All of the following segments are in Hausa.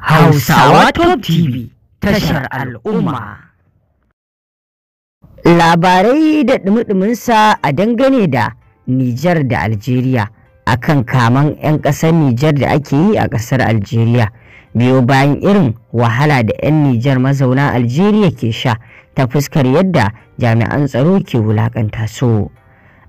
Hausawa Top TV tashar al'umma. Labarai da ɗumi-ɗuminsa a dangane da Nijar da Algeria kan kaman 'yan ƙasar Nijar da ake yi a ƙasar Algeria. Biyo bayan irin wahala da 'yan Nijar mazauna Algeria ke sha ta fuskar yadda jami'an tsaro ke wulaƙanta su.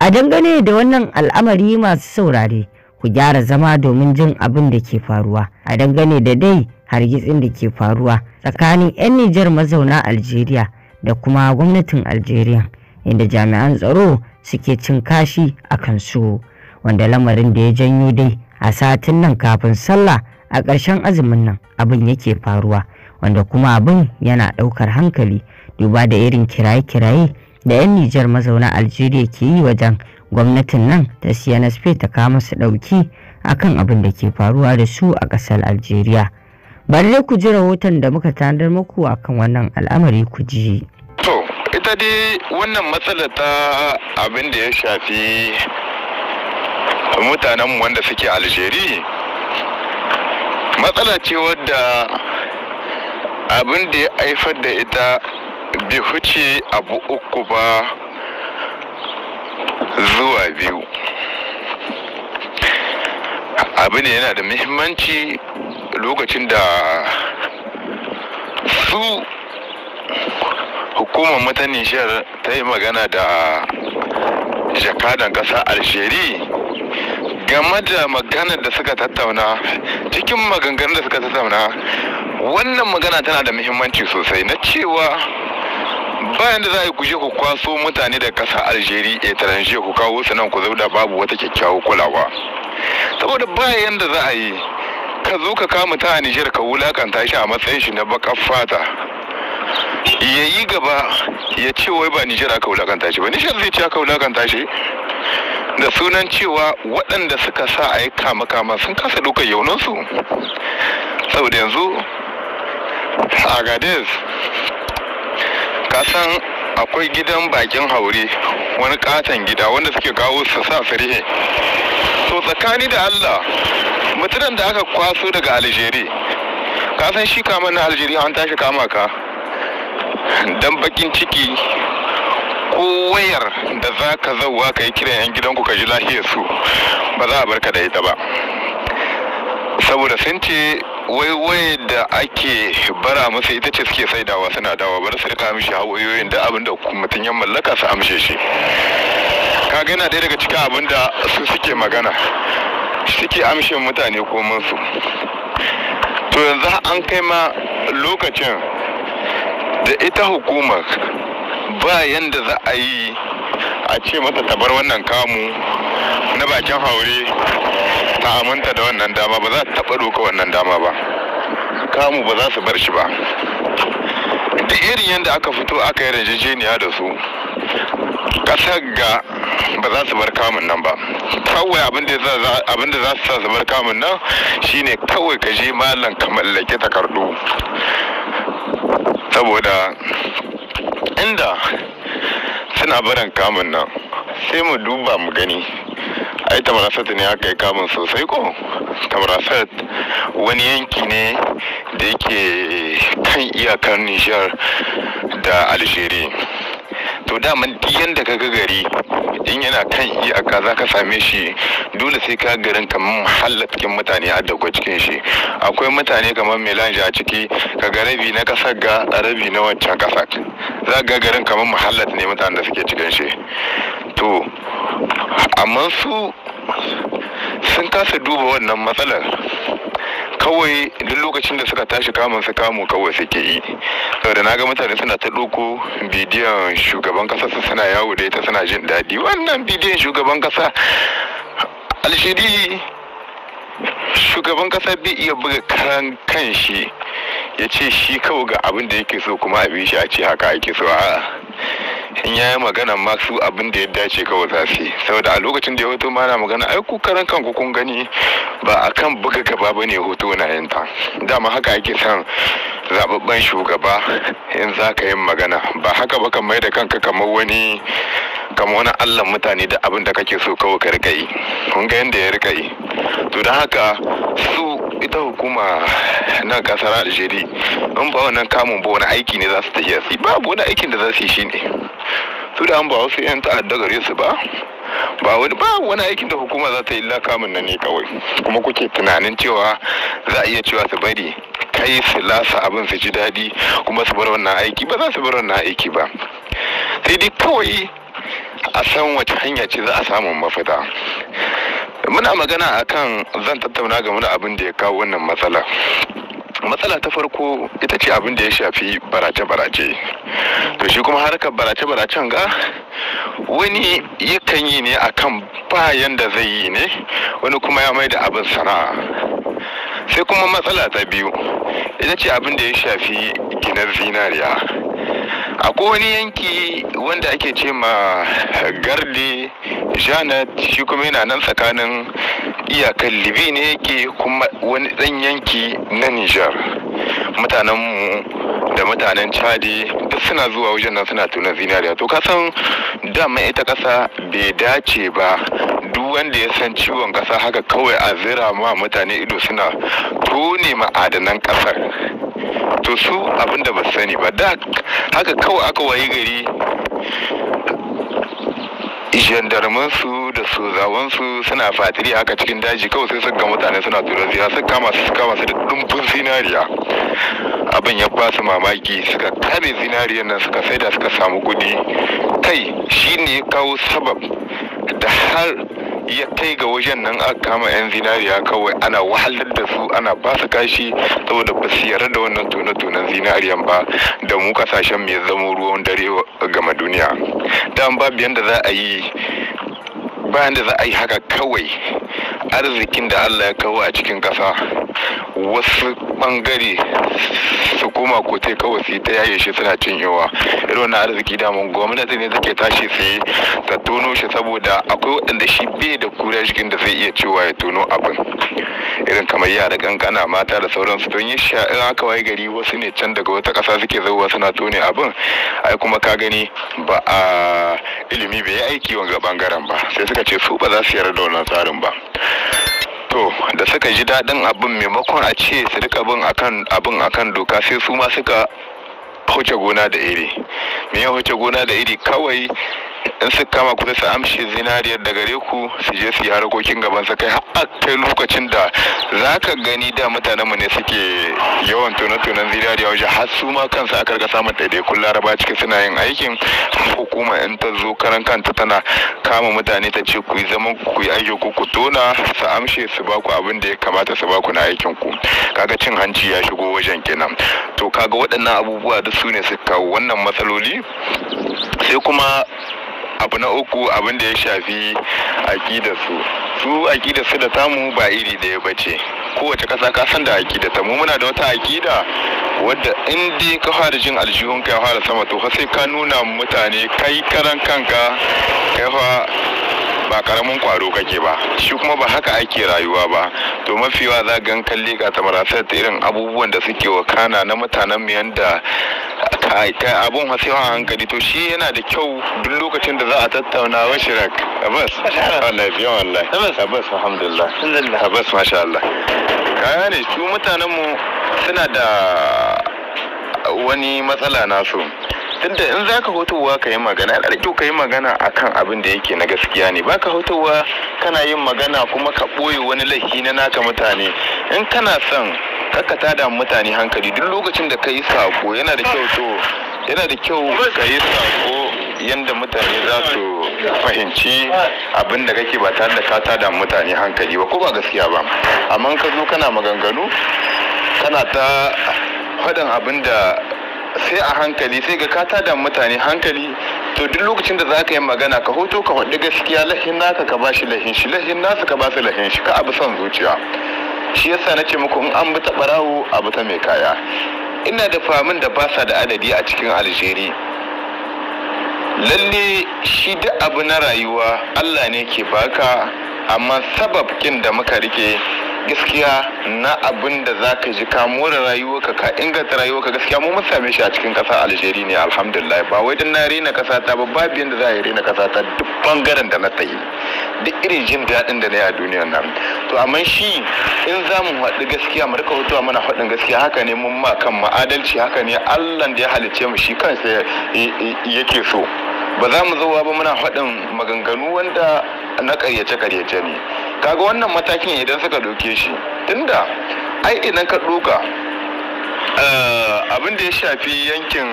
A dangane da wannan al'amari masu saurare. ku gyara zama domin jin abin da ke faruwa a dangane da dai hargitsin da ke faruwa tsakanin 'yan Nijar mazauna Algeria da kuma gwamnatin Algeria inda jami'an tsaro suke cin kashi a kansu wanda lamarin da ya janyo dai a satin nan kafin sallah a ƙarshen azumin nan abin yake faruwa wanda kuma abin yana ɗaukar hankali duba da irin kiraye-kiraye da 'yan Nijar mazauna Algeria ke yi wajen gwamnatin nan ta CNSP ta kama masu ɗauki akan abin da ke faruwa da su a ƙasar Algeria. Bari ku ji rahoton da muka tanadar muku akan wannan al'amari ku ji. To, ita dai wannan matsala ta abin da ya shafi mutanenmu wanda suke Algeria matsala ce wadda abin da ya haifar da ita Bihuci huce abu uku ba zuwa biyu abu ne yana da muhimmanci lokacin da su hukumar mutanen shiyar ta yi magana da jakadan ƙasa alsheri game da maganar da suka tattauna cikin maganganun da suka tattauna wannan magana tana da muhimmanci sosai na cewa bayan da za a ku je ku kwaso mutane da ƙasa aljeri a eh, taranje ku kawo sanan nan ku zauna babu wata kyakkyawar kulawa saboda bayan da za a yi ka zo ka kama ta a nijar ka wulakanta shi a matsayin shi na bakar fata ya yi gaba ya ce wai ba Nijar aka wulakanta shi ba Nijar zai ce aka wulakanta shi da sunan cewa waɗanda suka sa a yi kama-kama sun kasa ɗaukar yaunansu saboda yanzu a gades kasan akwai gidan bakin haure wani katon gida wanda suke kawo su sa firhe to tsakani da allah mutumin da aka kwaso daga aljeri kasan shi kama na aljeri an tashi kama ka dan bakin ciki ko wayar da za ka zauwa ka yi kiran 'yan gidanku ka ji lafiyar su ba za a barka da ita ba saboda sun ce Waiwai da ake bara masa ita ce suke dawa suna dawa bar sai ka mishi hawayoyin da abin da mutum ya mallaka su amshe shi ka gana ɗaya daga cikin abin da su suke magana suke amshin mutane su to yanzu an kai ma lokacin da ita hukumar ba yanda za a yi a ce mata tabar wannan kamu na bakin haure ta aminta da wannan dama ba za ta taɓa doka wannan dama ba kamu ba za su bar shi ba da irin yadda aka fito aka yi rajajeniya da su ƙasar ga ba za su bar kamun nan ba kawai abin da za su sa su bar kamun nan shine kawai ka je malam ka mallake takardu saboda inda suna barin kamun nan sai mu duba mu gani ai tamarasat ne aka yi kamun sosai ko tamarasat wani yanki ne da yake kan iyakar nijar da algeria to daman diyan da kaga gari in yana kan iyaka za ka same shi dole sai ka garin kamar muhalla cikin mutane a dauko cikin shi akwai mutane kamar melange a ciki kaga rabi na kasar ga rabi na wancan kasar za ga garin kamar muhallat ne mutanen da suke cikin shi to amma su sun kasa duba wannan matsalar kawai duk lokacin da suka tashi kamun su kamu kawai suke yi saboda na ga mutane suna ta ɗauko bidiyon shugaban kasa su suna yawo da ita suna jin daɗi wannan bidiyon shugaban kasa alshiri shugaban kasa bai iya buga karan kan shi ya ce shi kawai ga abin da yake so kuma abin shi a ce haka ake so a'a in ya yi magana masu abin da ya dace kawai za saboda a lokacin da ya hoto mana magana ai ku karan kanku kun gani ba a kan buga gaba ne hoto na yanta dama haka ake son zababban shugaba in za ka yi magana ba haka ba kan mai da kanka kamar wani kamar wani allah mutane da abin da kake so kawai ka rika yi kun ga yadda ya rika yi to don haka su ita hukuma na kasar algeria in ba wannan kamun ba wani aiki ne za su tafiya su babu wani aikin da za su yi shine su da an ba wasu 'yan ta'adda gare su ba ba wani ba wani aikin da hukuma za ta yi lakamin nan ne kawai kuma kuke tunanin cewa za a iya cewa su bari kai su lasa abin su ji daɗi kuma su bar wannan aiki ba za su bar wannan aiki ba sai dai kawai a san wace hanya ce za a samu mafita muna magana akan zan tattauna game da abin da ya kawo wannan matsala matsala ta farko ita ce abin da ya shafi barace-barace to shi kuma harkar barace-baracen ga wani yakan yi ne akan bayan da zai yi ne wani kuma ya mai da abin sana'a sai kuma matsala ta biyu ita ce abin da ya shafi ginar zinariya a wani yanki wanda ake ce ma gardi janet shi kuma yana nan tsakanin iyakar libi ne yake kuma wani ɗan yanki na nijar mutanenmu da mutanen chadi duk suna zuwa wajen nan suna tunan zinariya to kasan dama ita kasa bai dace ba duk wanda ya san ciwon kasa haka kawai a zira ma mutane ido suna tone ma'adanan kasar to su abinda ba sani ba da haka kawai aka wayi gari jandarmansu da sozawansu suna fatiri haka cikin daji kawai sai ga mutane suna tura ziya suka kama su kama su da dumbin zinariya abin ya ba su mamaki suka kare zinariyan nan suka saida suka samu kuɗi kai shi ne kawo sabab da har ya kai ga wajen nan a kama yan zinariya kawai ana wahalar da su ana ba su kashi saboda ba su yarda da wannan tone-tonen zinariyan ba da mu kasashen mai zama ruwan dare gama duniya da babu yadda za a yi bayan da za a yi haka kawai arzikin da Allah ya kawo a cikin ƙasa wasu ɓangare su koma kote kawai su ta yaye shi suna cinyewa irin wannan arziki da mun gwamnati ne take tashi sai ta tono shi saboda akwai waɗanda shi bai da kura cikin da zai iya cewa ya tono abin irin kamar yara kankana mata da sauransu don yi sha in aka waye gari wasu ne can daga wata ƙasa suke zauwa suna tone abin ai kuma ka gani ba a ilimi bai yi aiki wanga bangaren ba sai suka ce su ba za su yarda da wannan tsarin ba to da suka ji daɗin abin maimakon a ce su rika bin abin akan doka sai su ma suka huce gona da iri me ya huce gona da iri kawai in su kama kuma su amshe zinariyar da gare ku su je su yi harkokin gaban sa kai har kai lokacin da za ka gani da mutanen mu ne suke yawan tona-tonan zinariya wajen har su ma kansu aka rika samun kun laraba cikin suna yin aikin hukuma in ta zo karan kanta tana kama mutane ta ce ku yi zaman ku yi aiki ku ku tona su amshe su baku abin da ya kamata su baku na aikin ku kaga cin hanci ya shigo wajen kenan to kaga waɗannan abubuwa duk su ne su kawo wannan matsaloli sai kuma abu na uku abin da ya shafi aƙidar su su da su da tamu ba iri ɗaya ba ce kowace ƙasa ka san da aƙida ta mu muna da wata aƙida wadda in dai ka fara jin aljihun ka fara sama to sai ka nuna mutane kai karan kanka kai fa ba karamin kwaro kake ba shi kuma ba haka ake rayuwa ba to mafiwa za gan kalli ka ta marasar irin abubuwan da suke wakana na mutanen mu yanda abun hasiwa a hankali to shi yana da kyau duk lokacin da za a tattauna wa shirak abas wallahi wallahi abbas alhamdulillah abas masha Allah kaya ne su mutanen mu suna da wani matsala nasu tunda in za ka hotowa ka yi magana da kyau ka yi magana akan abin da yake na gaskiya ne baka hotowa kana yin magana kuma ka ɓoye wani laifi na naka mutane in kana son kakka ta da mutane hankali duk lokacin da ka yi sako yana da kyau to yana da kyau ka yi sako yadda mutane za su fahimci abin da kake ba tare da ka da mutane hankali ba ko ba gaskiya ba amma ka zo kana maganganu kana ta faɗin abin da sai a hankali sai ga ka da mutane hankali to duk lokacin da za ka yi magana ka hoto ka faɗi gaskiya lahin naka ka bashi lahin shi lahin nasu ka su lahin shi ka abu son zuciya shi yasa na ce muku in an bi ta ɓarawo, a bi ta mai kaya ina da famin da ba sa da adadi a cikin aljeri lalle shi da abu na rayuwa allah ne ke baka amma sababkin da muka rike gaskiya na abin da za ka ji ka more rayuwarka ka inganta rayuwarka gaskiya mu mun same shi a cikin ƙasa aljeri ne alhamdulillah ba wai dan na rena ƙasa ta ba babu yanda za a rena ƙasa ta duk bangaren da na tayi duk irin jin daɗin da na yi a duniyar nan to amma shi in za mu haɗu gaskiya mu rika hutuwa mana haɗin gaskiya haka ne mun ma kan ma'adalci haka ne allah da ya halicce mu shi kansa yake so ba za mu zo ba muna haɗin maganganu wanda na ƙaryace-ƙaryace ne kaga wannan matakin idan suka ɗauke shi tunda ai idan ka ɗuka eh, abin da ya shafi yankin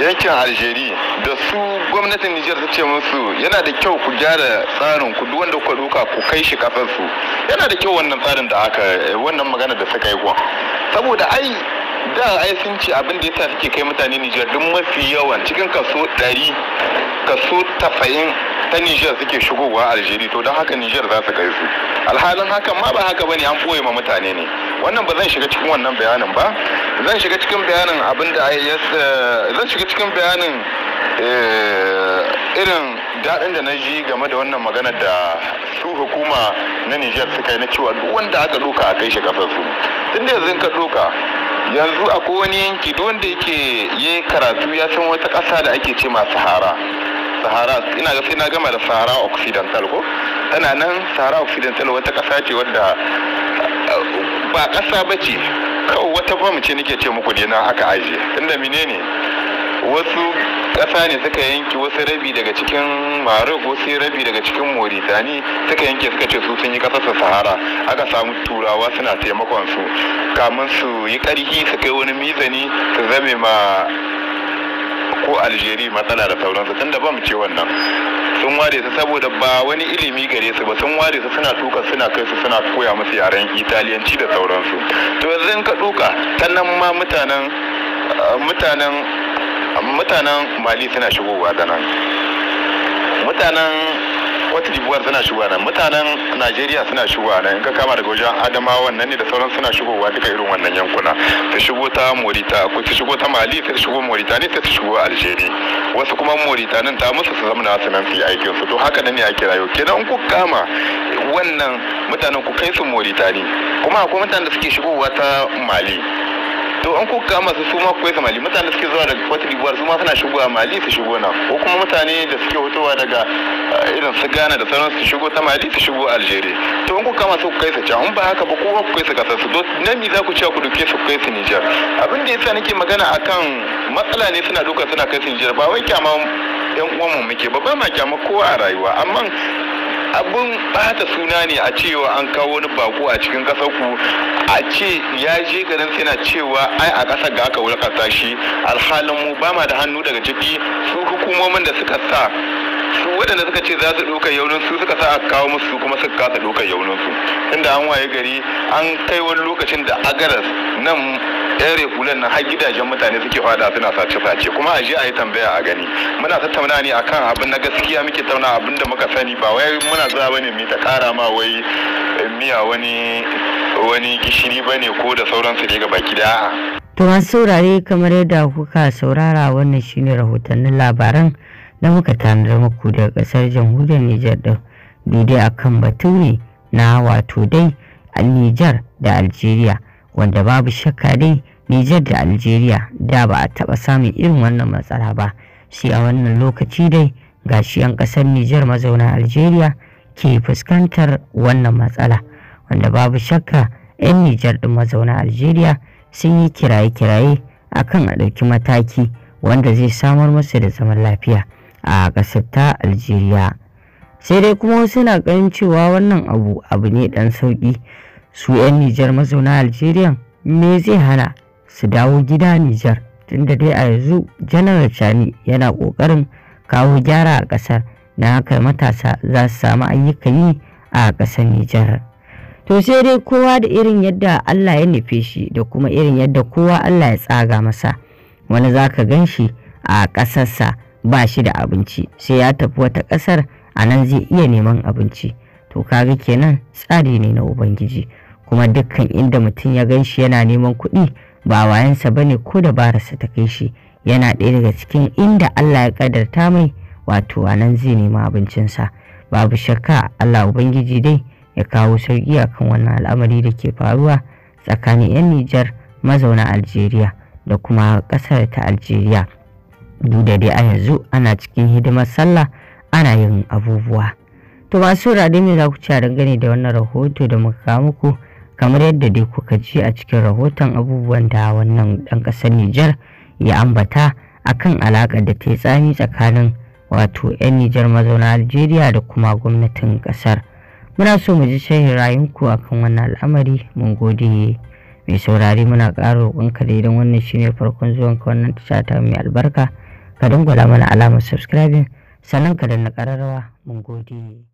yankin algeria da su gwamnatin nijar ta ce musu yana da kyau ku gyara tsarin ku duk wanda kuka duka ku kai shi kafin su yana da kyau wannan tsarin da aka wannan magana da suka yi kuwa saboda ai da ai sun ce abin da yasa suke kai mutane Nijar duk mafi yawan cikin kaso 100 kaso 90 ta Nijar suke shigowa Algeria to don haka Nijar za su kai su alhalin haka ma ba haka bane an ɓoye ma mutane ne wannan ba zan shiga cikin wannan bayanin ba zan shiga cikin bayanin abin da eh, zan shiga cikin bayanin eh, irin daɗin da na ji game da wannan magana da su hukuma na Nijar suka yi na cewa duk wanda aka doka a kai shi kasar su tun da yanzu ka doka yanzu a wani yanki da wanda yake yi karatu ya san wata ƙasa da ake ce ma sahara sahara ina ga sai na gama da sahara occidental ko tana nan sahara occidental wata ƙasa ce wadda ba ƙasa ba ce kawai wata bamu ce nake ce muku ne na aka ajiye inda mine ne. wasu ƙasa ne suka yanki wasu rabi daga cikin wasu rabi daga cikin moritani suka yanke suka ce su sun yi ƙasarsa sahara aka samu turawa suna taimakon su kamun su yi ƙarhi su kai wani mizani su zame ma ko aljeri matsala da sauransu tunda ba mu ce wannan sun ware su saboda ba wani ilimi gare su ba sun ware su suna tuka suna kai su suna koya musu yaren italiyanci da sauransu to yanzu ka tuka ta ma mutanen mutanen mutanen mali suna shigowa da nan mutanen wata jibuwar suna shigowa nan mutanen najeriya suna shigowa nan ka kama daga wajen adamawa nan ne da sauran suna shigowa duka irin wannan yankuna ta shigo ta morita ko ta shigo ta mali ta shigo morita ne ta shigo Aljeri wasu kuma Morita nan ta musu su zamana su nan su yi aikin su to haka ne ne ake rayuwa kenan ku kama wannan mutanen ku kai su Morita ne kuma akwai mutanen da suke shigowa ta mali to an ko kama su su ma ga mali mutane suke zuwa daga Cote d'Ivoire su ma suna shigowa mali su shigo na ko kuma mutane da suke hutowa daga eh, irin su gana da sauran su shigo ta mali su shigo Algeria to an ko kama su ku kai su can in ba haka ba kowa ku kai su kasar su na mi za ku ce ku duke su kai su nijar abin da yasa nake magana akan matsala ne suna duka suna kai su nijar ba wai kyama yan uwanmu muke ba ba ma kyama kowa a rayuwa amma abun bata suna ne a cewa an kawo wani bako a cikin ƙasarku ku a ce ya je garin sai na cewa ai a ƙasar ga aka wulƙanta shi alhalin mu ba ma da hannu daga ciki su hukumomin da suka sa su waɗanda suka ce za su ɗauka yaunin su suka sa aka kawo musu kuma suka kasa ɗaukar yaunin su inda an waye gari an kai wani lokacin da agaras nan yan hulan nan har gidajen mutane suke fada suna sace-sace kuma a je a yi tambaya a gani muna tattauna ne akan abin na gaskiya muke tauna abin da muka sani ba wai muna zuwa bane mu ta kara ma wai miya wani wani gishiri bane ko da sauransu ne ga baki da to saurare kamar yadda kuka saurara wannan shine rahotannin labaran na muka tanadar muku da kasar jamhuriyar Nijar din daidai akan batu na wato dai Nijar da Algeria wanda babu shakka dai Nijar da Algeria da ba a taɓa samun irin wannan matsala ba shi a wannan lokaci dai gashi 'yan kasar Nijar mazauna Algeria ke fuskantar wannan matsala wanda babu shakka 'yan Nijar din mazauna Algeria sun yi kiraye-kiraye akan a ɗauki mataki wanda zai samar musu da zaman lafiya a ƙasar ta algeria sai dai kuma wasu na ganin cewa wannan abu abu ne ɗan sauƙi su 'yan nijar mazauna algeria me zai hana su dawo gida nijar tunda dai a yanzu janar chani yana ƙoƙarin kawo gyara a ƙasar na haka matasa za su samu ayyukan yi a ƙasar nijar to sai dai kowa da irin yadda Allah ya nufe shi da kuma irin yadda kowa Allah ya tsaga masa wani za ka gan shi a ƙasarsa ba shi da abinci sai ya tafi wata ƙasar a nan zai iya neman abinci to kaga kenan tsari ne na ubangiji kuma dukkan inda mutum ya gan shi yana neman kuɗi ba wayansa ba ne ko dabararsa ta kai shi yana ɗaya daga cikin inda Allah ya ƙadarta mai wato a nan zai nema abincinsa babu shakka Allah ubangiji dai ya kawo sauƙi kan wannan al'amari da ke faruwa tsakanin 'yan Nijar mazauna Algeria da kuma ƙasar ta Algeria. duk da dai a yanzu ana cikin hidimar sallah ana yin abubuwa to masu rade me za ku ci a dangane da wannan rahoto da muka kawo muku kamar yadda dai kuka ji a cikin rahoton abubuwan da wannan ɗan ƙasar Nijar ya ambata akan alaƙa da ta yi tsami tsakanin wato 'yan Nijar mazauna Algeria da kuma gwamnatin ƙasar. Muna so mu ji shahin rayunku akan wannan al'amari mun gode mai saurari muna ƙara roƙonka da idan wannan shine farkon zuwanka wannan tasha ta mai albarka. ka gwada mana alamar subscribing sannan ka danna ƙararrawa mun gode